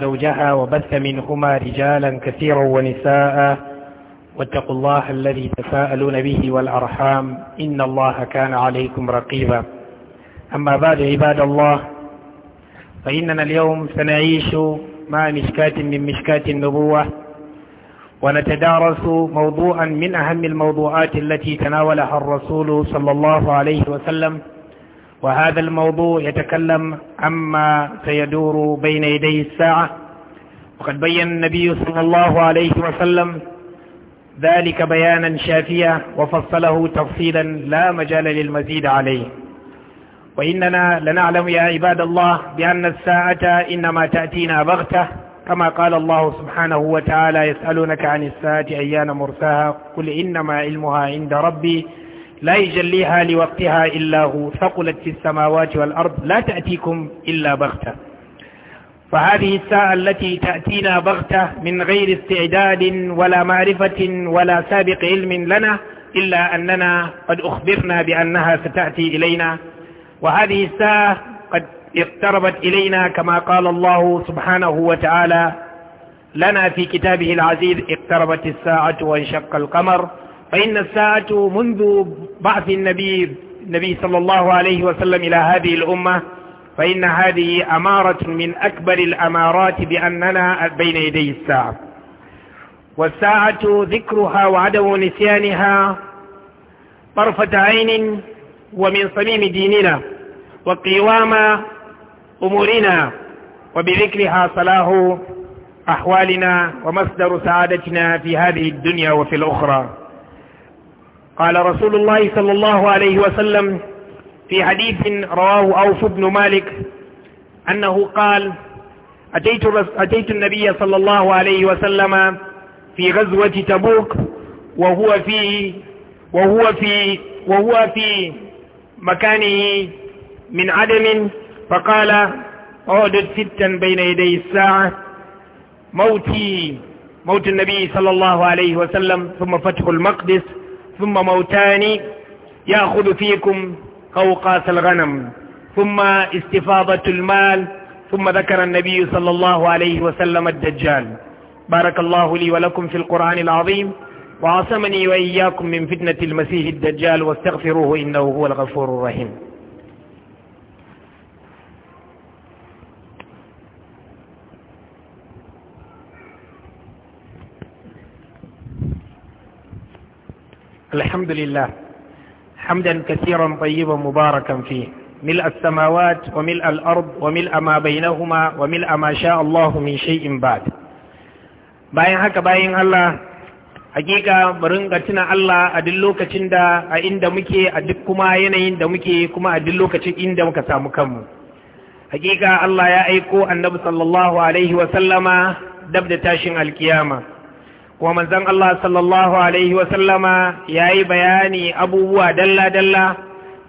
زوجها وبث منهما رجالا كثيرا ونساء واتقوا الله الذي تساءلون به والأرحام إن الله كان عليكم رقيبا أما بعد عباد الله فإننا اليوم سنعيش مع مشكات من مشكات النبوة ونتدارس موضوعا من أهم الموضوعات التي تناولها الرسول صلى الله عليه وسلم وهذا الموضوع يتكلم عما سيدور بين يدي الساعة وقد بين النبي صلى الله عليه وسلم ذلك بيانا شافيا وفصله تفصيلا لا مجال للمزيد عليه وإننا لنعلم يا عباد الله بأن الساعة إنما تأتينا بغتة كما قال الله سبحانه وتعالى يسألونك عن الساعة أيان مرساها قل إنما علمها عند ربي لا يجليها لوقتها إلا هو ثقلت في السماوات والأرض لا تأتيكم إلا بغتة فهذه الساعة التي تأتينا بغتة من غير استعداد ولا معرفة ولا سابق علم لنا إلا أننا قد أخبرنا بأنها ستأتي إلينا وهذه الساعة قد اقتربت إلينا كما قال الله سبحانه وتعالى لنا في كتابه العزيز اقتربت الساعة وانشق القمر فإن الساعة منذ بعث النبي النبي صلى الله عليه وسلم إلى هذه الأمة فإن هذه أمارة من أكبر الأمارات بأننا بين يدي الساعة والساعة ذكرها وعدم نسيانها طرفة عين ومن صميم ديننا وقوام أمورنا وبذكرها صلاح أحوالنا ومصدر سعادتنا في هذه الدنيا وفي الأخرى قال رسول الله صلى الله عليه وسلم في حديث رواه أوف بن مالك أنه قال أتيت, أتيت النبي صلى الله عليه وسلم في غزوة تبوك وهو في وهو في وهو في مكانه من عدم فقال اعدد ستا بين يدي الساعة موتي موت النبي صلى الله عليه وسلم ثم فتح المقدس ثم موتان يأخذ فيكم قوقاس الغنم ثم استفاضة المال ثم ذكر النبي صلى الله عليه وسلم الدجال بارك الله لي ولكم في القرآن العظيم وعصمني وإياكم من فتنة المسيح الدجال واستغفروه إنه هو الغفور الرحيم الحمد لله حمدا كثيرا طيبا مباركا فيه ملء السماوات وملء الأرض وملء ما بينهما وملء ما شاء الله من شيء بعد bayan haka bayan Allah hakika bari ringa tuna Allah a duk lokacin da a inda muke a duk kuma yanayin da muke kuma a duk lokacin inda muka samu kanmu hakika Allah ya aiko annabi sallallahu alaihi wa sallama dab da tashin alkiyama kuma manzon Allah sallallahu alaihi wasallama yayi bayani abubuwa dalla-dalla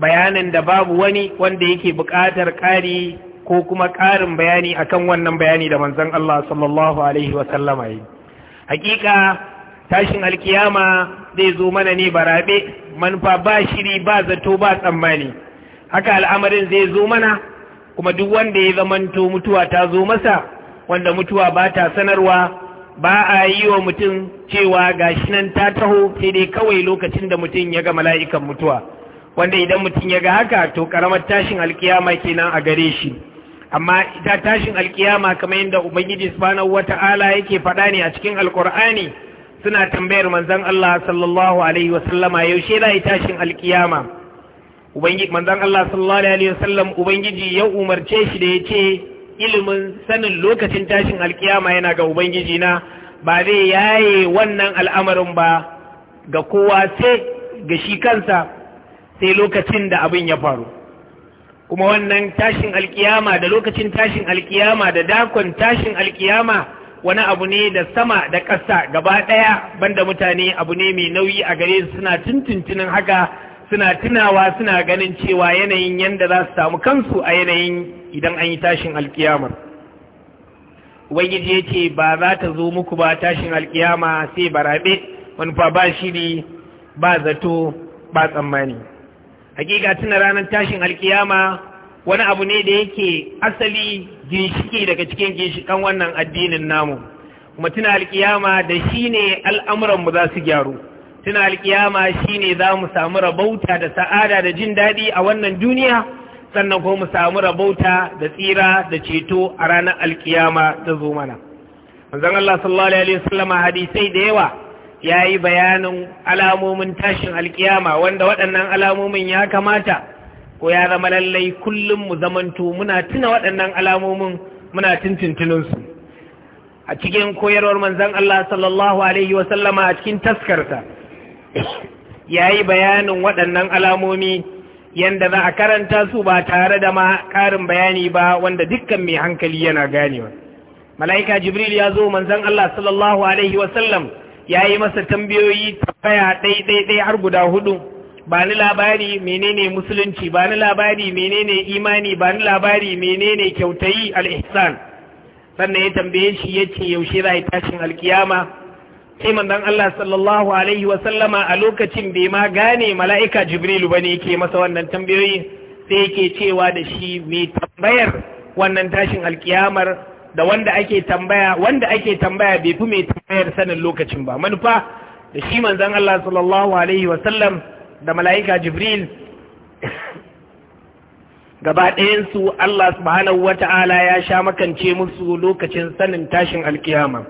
bayanin da babu wani wanda yake buƙatar ƙari ko kuma ƙarin bayani akan wannan bayani da manzan Allah sallallahu alaihi wasallama yi hakika tashin alkiyama zai zo mana ne barabe manufa ba shiri ba zato ba tsammani haka al'amarin zai zo mana kuma duk wanda ya zamanto mutuwa ta zo masa wanda mutuwa ba ta sanarwa ba a yi wa mutum cewa gashi nan ta taho sai dai kawai lokacin da mutum ya ga mala'ikan mutuwa wanda idan mutum ya ga haka to karamar tashin alkiyama kenan a gare shi amma ita tashin alkiyama kamar yadda ubangiji subhanahu wata'ala yake faɗa ne a cikin alkur'ani suna tambayar manzon Allah sallallahu alaihi wasallama yaushe za tashin alkiyama ubangiji manzon Allah sallallahu alaihi wasallam ubangiji ya umarce shi da yace ilimin sanin lokacin tashin alkiyama yana ga ubangiji na ba zai yaye wannan al'amarin ba ga kowa sai ga shi kansa sai lokacin da abin ya faru kuma wannan tashin alkiyama da lokacin tashin alkiyama da dakon tashin alkiyama wani abu ne da sama da ƙasa gaba ɗaya banda mutane abu ne mai nauyi a gare su suna tuntuntunin haka suna tunawa suna ganin cewa yanayin yanda za su samu kansu a yanayin idan an yi tashin alkiyamar ubangiji ya ce ba za ta zo muku ba tashin alkiyama sai barabe manufa ba shiri ba zato ba tsammani hakika tuna ranar tashin alkiyama wani abu ne da yake asali ginshiki daga cikin ginshikan wannan addinin namu kuma tuna alkiyama da shi ne al'amuranmu za su gyaru tuna alkiyama shi ne za mu samu rabauta da sa'ada da jin daɗi a wannan duniya sannan ko mu samu rabauta da tsira da ceto a ranar alkiyama ta zo mana manzon Allah sallallahu alaihi wasallam hadisai da yawa ya yi bayanin alamomin tashin alkiyama wanda waɗannan alamomin ya kamata ko ya zama lallai kullum mu zamanto muna tuna waɗannan alamomin muna tuntuntunin su a cikin koyarwar manzon Allah sallallahu alaihi wasallama a cikin taskarta ya yi bayanin waɗannan alamomi yanda za a karanta su ba tare da ma karin bayani ba wanda dukkan mai hankali yana ganewa mala'ika jibril ya zo manzon Allah sallallahu alaihi wasallam ya yi masa tambayoyi dai ɗai-ɗai har guda hudu ba ni labari menene musulunci ba ni labari menene imani ba ni labari menene kyautayi al-ihsan sannan ya tambaye shi yace yaushe za a yi tashin alkiyama sai manzon Allah sallallahu alaihi wa sallama a lokacin bai ma gane mala'ika Jibrilu bane yake masa wannan tambayoyi sai yake cewa da shi mai tambayar wannan tashin alkiyamar da wanda ake tambaya wanda ake tambaya bai fi mai tambayar sanin lokacin ba manufa da shi manzon Allah sallallahu alaihi wa sallam da mala'ika Jibril gaba ɗayansu Allah subhanahu wata'ala ya sha makance musu lokacin sanin tashin alkiyamar.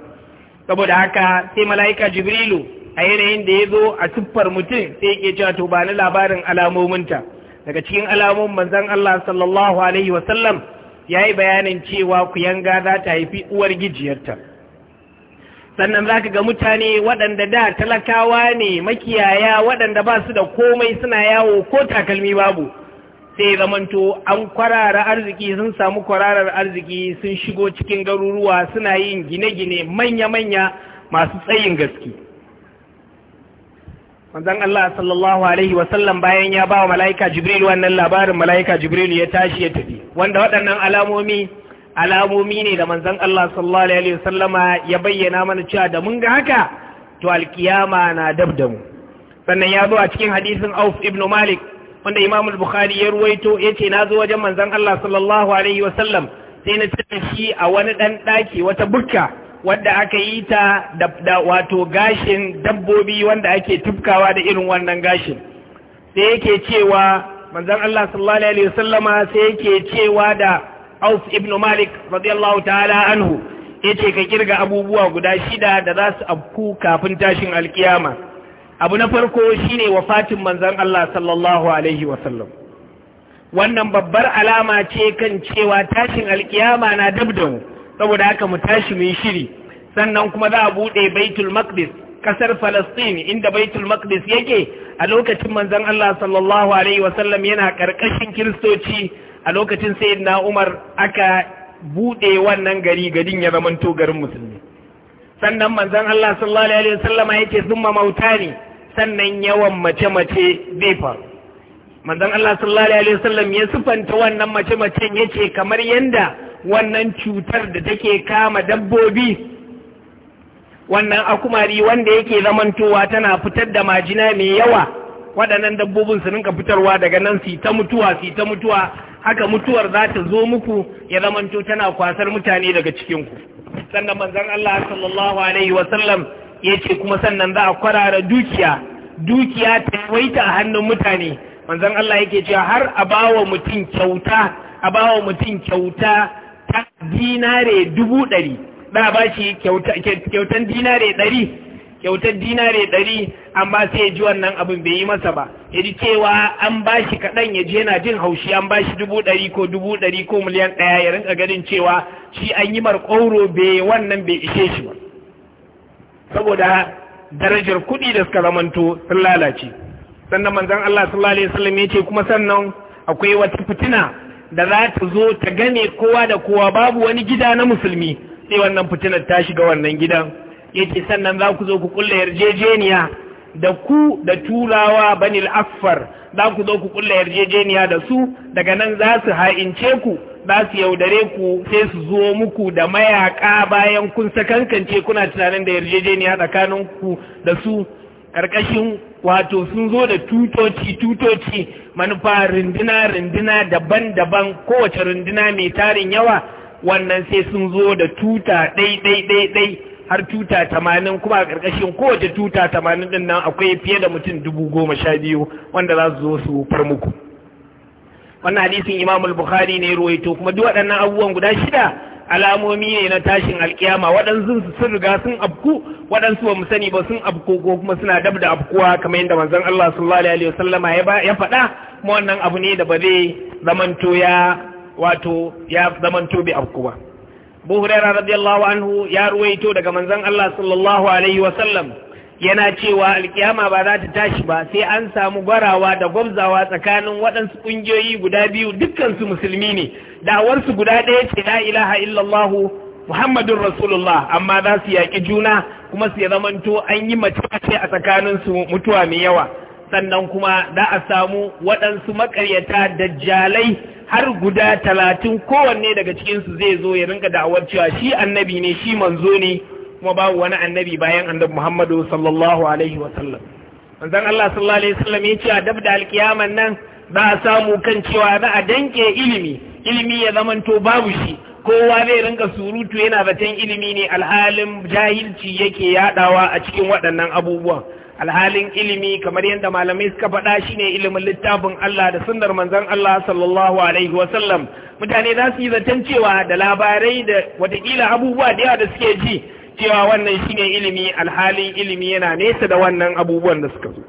saboda haka sai mala'ika jibrilu a yanayin da ya zo a siffar mutum sai yake cewa to ba ni labarin alamominta daga cikin alamomin manzon Allah sallallahu alaihi wasallam ya yi bayanin cewa kuyanga za ta haifi uwar gijiyarta sannan za ka ga mutane waɗanda da talakawa ne makiyaya waɗanda ba su da komai suna yawo ko takalmi babu sai zamanto an kwarara arziki sun samu kwararar arziki sun shigo cikin garuruwa suna yin gine-gine manya-manya masu tsayin gaske Wanzan Allah sallallahu alaihi wasallam bayan ya ba wa mala'ika Jibril wannan labarin mala'ika Jibril ya tashi ya tafi wanda waɗannan alamomi alamomi ne da manzan Allah sallallahu alaihi wasallama ya bayyana mana cewa da mun ga haka to alkiyama na dabdamu. da sannan ya zo a cikin hadisin Auf ibn Malik wanda Imam al-Bukhari ya ruwaito yace nazo wajen manzon Allah sallallahu alaihi wasallam sai na tare shi a wani dan daki wata bukka wadda aka yi ta da wato gashin dabbobi wanda ake tufkawa da irin wannan gashin sai yake cewa manzon Allah sallallahu alaihi wasallama sai yake cewa da Auf ibn Malik radiyallahu ta'ala anhu yace ka kirga abubuwa guda shida da za su afku kafin tashin alkiyama abu na farko shine wafatin manzon Allah sallallahu alaihi wasallam wannan babbar alama ce kan cewa tashin alkiyama na dab da mu saboda haka mu tashi mu yi shiri sannan kuma za a buɗe baitul maqdis kasar Falastin inda Baitul Maqdis yake a lokacin manzon Allah sallallahu alaihi wasallam yana karkashin kiristoci a lokacin sayyidina Umar aka bude wannan gari gadin ya zamanto garin musulmi sannan manzan Allah sallallahu alaihi wasallam yake zumma mauta ne sannan yawan mace-mace zai faru Allah sallallahu alaihi wasallam ya sifanta wannan mace-macen yace kamar yanda wannan cutar da take kama dabbobi wannan akumari wanda yake zamantowa tana fitar da majina mai yawa waɗannan dabbobin su rinka fitarwa daga nan su ta mutuwa su ta mutuwa haka mutuwar za ta zo muku ya zamanto tana kwasar mutane daga cikinku sannan manzan Allah sallallahu alaihi Wasallam ya yace kuma sannan za a kwarara dukiya dukiya ta waita a hannun mutane manzan Allah yake cewa har a bawa mutum kyauta a bawa mutum kyauta ta dinare dubu ɗari da ba shi kyautan dinare ɗari kyautar dinare ɗari amma sai ya ji wannan abin bai yi masa ba ya ji cewa an ba shi kaɗan ya ji yana jin haushi an ba shi dubu ɗari ko dubu ɗari ko miliyan ɗaya ya rinka ganin cewa shi an yi marƙauro bai wannan bai ishe shi ba saboda darajar kuɗi da suka zamanto sun lalace sannan manzon Allah sallallahu alaihi wasallam ya ce kuma sannan akwai wata fitina da za ta zo ta gane kowa da kowa babu wani gida na musulmi sai wannan fitinar ta shiga wannan gidan yace sannan za ku zo ku kulla yarjejeniya da ku da turawa banil affar za ku zo ku kulle yarjejeniya da su daga nan za su ha'ince ku za su yaudare ku sai su zo muku da mayaka bayan kun sakankance kuna tunanin da yarjejeniya tsakanin ku da su karkashin wato sun zo da tutoci tutoci manufa rindina rinduna daban-daban kowace rindina mai tarin yawa wannan sai sun zo da tuta ɗai ɗai ɗai ɗai har tuta tamanin kuma a ƙarƙashin kowace tuta tamanin ɗin nan akwai fiye da mutum dubu goma sha biyu wanda za su zo su far muku wannan hadisin imamul bukhari ne ruwaito kuma duk waɗannan abubuwan guda shida alamomi ne na tashin alkiyama waɗansu sun riga sun abku waɗansu ba mu sani ba sun abku ko kuma suna dab da abkuwa kamar yadda manzon Allah sallallahu alaihi wasallama ya faɗa kuma wannan abu ne da ba zai zamanto ya wato ya zamanto bai abku ba Abu Huraira radiyallahu anhu ya ruwaito daga manzon Allah sallallahu alaihi yana cewa alkiyama ba za ta tashi ba sai an samu gwarawa da gwamzawa tsakanin waɗansu ƙungiyoyi guda biyu dukkansu musulmi ne da'awarsu guda ɗaya ce la ilaha illallah muhammadun rasulullah amma za su yaƙi juna kuma su zamanto an yi mace a tsakanin su mutuwa mai yawa sannan kuma za a samu waɗansu maƙaryata dajjalai har guda talatin kowanne daga cikinsu zai zo ya rinka da'awar cewa shi annabi ne shi manzo ne kuma babu wani annabi bayan annabi Muhammadu sallallahu alaihi wa sallam manzon Allah sallallahu alaihi wa sallam ya ce a dab da alkiyaman nan za a samu kan cewa za a danke ilimi ilimi ya zamanto babu shi kowa zai ringa surutu yana zaton ilimi ne alhalin jahilci yake yadawa a cikin waɗannan abubuwan alhalin ilimi kamar yadda malamai suka faɗa shine ilimin littafin Allah da sunnar manzon Allah sallallahu alaihi mutane za su yi zaton cewa da labarai da watakila abubuwa da yawa da suke ji cewa wannan shine ilimi alhalin ilimi yana nesa da wannan abubuwan da suka zo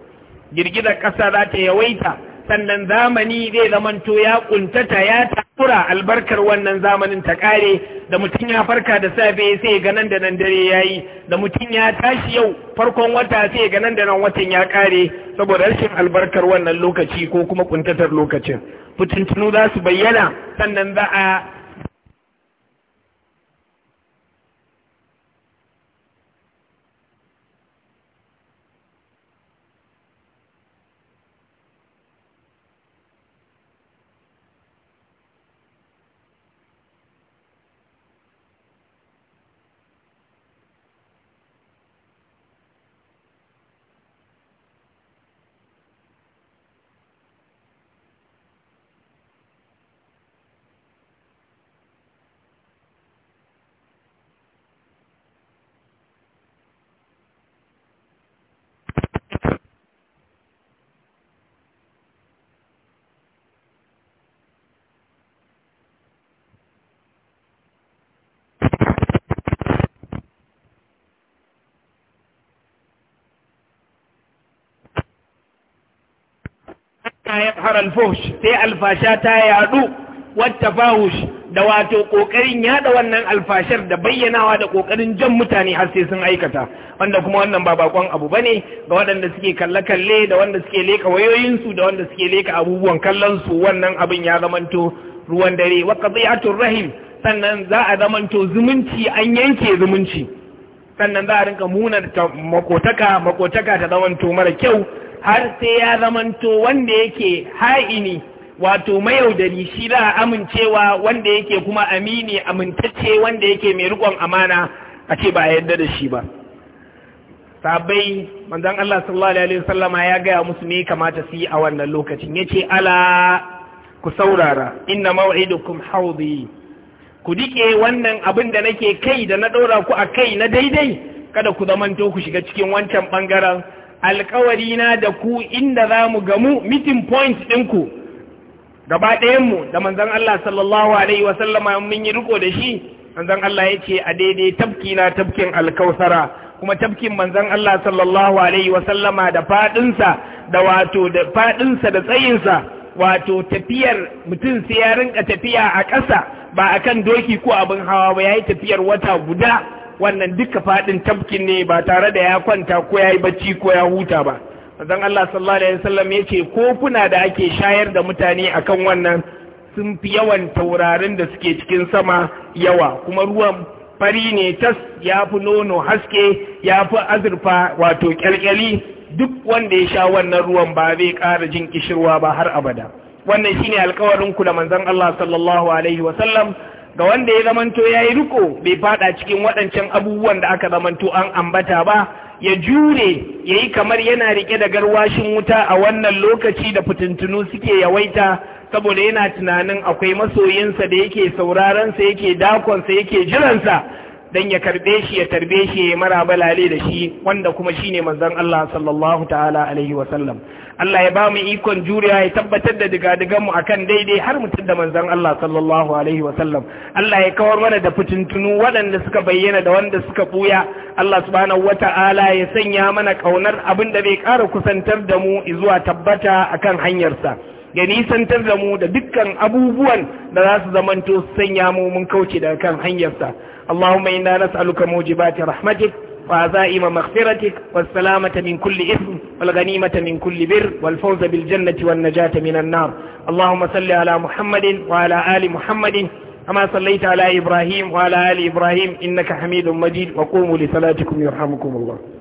girgizar ƙasa za ta yawaita sannan zamani zai zamanto ya ƙuntata ya takura albarkar wannan zamanin ta ƙare, da mutum ya farka da safe sai ga nan da nan dare yayi da mutum ya tashi yau farkon wata sai ga nan da nan watan ya ƙare, saboda rashin albarkar wannan lokaci ko kuma ƙuntatar lokacin fitintunu za su bayyana sannan za a hatta ya haral fuhsh sai alfasha ta yadu wata da wato kokarin yada wannan alfashar da bayyanawa da kokarin jan mutane har sai sun aikata wanda kuma wannan ba bakon abu bane ga waɗanda suke kalle kalle da wanda suke leka wayoyinsu da wanda suke leka abubuwan kallon su wannan abin ya zamanto ruwan dare wa qadiyatur rahim sannan za a zamanto zumunci an yanke zumunci sannan za a rinka munar makotaka makotaka ta zamanto mara kyau har sai ya zamanto wanda yake ha'ini wato mayaudari shi za a amincewa wanda yake kuma amini amintacce wanda yake mai rikon amana a ce ba a yadda da shi ba sabai manzon Allah sallallahu alaihi sallama ya gaya musu me kamata su yi a wannan lokacin yace ala ku saurara inna maw'idukum hawdi ku dike wannan abin da nake kai da na daura ku a kai na daidai kada ku zamanto ku shiga cikin wancan bangaren Alƙawari na da ku inda za mu gamu meeting point ɗinku gaba ɗayanmu da manzan Allah sallallahu Alaihi wasallama mun yi riko da shi manzan Allah ya ce a daidai tafki na tafkin alkausara kuma tafkin manzan Allah sallallahu Alaihi wasallama da faɗinsa da wato da faɗinsa da tsayinsa wato tafiyar mutum sai ya rinka tafiya a ƙasa ba a kan doki ko abin hawa ba ya yi tafiyar wata guda wannan duka fadin tafkin ne ba tare da ya kwanta ko ya yi bacci ko ya huta ba manzon Allah sallallahu alaihi wasallam ya ce kofuna da ake shayar da mutane akan wannan sun fi yawan taurarin da suke cikin sama yawa kuma ruwan fari ne tas ya fi nono haske ya fi azurfa wato kyalkyali duk wanda ya sha wannan ruwan ba zai ƙara jin kishirwa ba har abada wannan shine alkawarin ku da manzon Allah sallallahu alaihi wasallam ga wanda ya zamanto ya yi riko bai fada cikin waɗancan abubuwan da aka zamanto an ambata ba ya jure ya yi kamar yana rike da garwashin wuta a wannan lokaci da fitintunu suke yawaita saboda yana tunanin akwai masoyinsa da yake sauraransa yake dakonsa yake jiransa dan ya karbe shi ya tarbe shi ya mara balale da shi wanda kuma shine manzan Allah sallallahu ta'ala alaihi wa sallam Allah ya bamu ikon juriya ya tabbatar da digadigan mu akan daidai har mutum da manzan Allah sallallahu alaihi wa sallam Allah ya kawar mana da fitintunu waɗanda suka bayyana da wanda suka buya Allah subhanahu Ta'ala ya sanya mana kaunar abin da bai ƙara kusantar da mu zuwa tabbata akan hanyarsa ya nisantar da mu da dukkan abubuwan da za su zamanto sanya mu mun kauce daga kan hanyarsa Allahumma inna nas'aluka mujibati rahmatik wa za'im maghfiratik was salamata min kulli ism wal ghanimata min kulli bir wal fawz bil jannati wan najata min an nar Allahumma salli ala Muhammadin wa ala ali Muhammadin kama sallaita ala Ibrahim wa ala ali Ibrahim innaka Hamidum Majid wa qumu li salatikum yarhamukumullah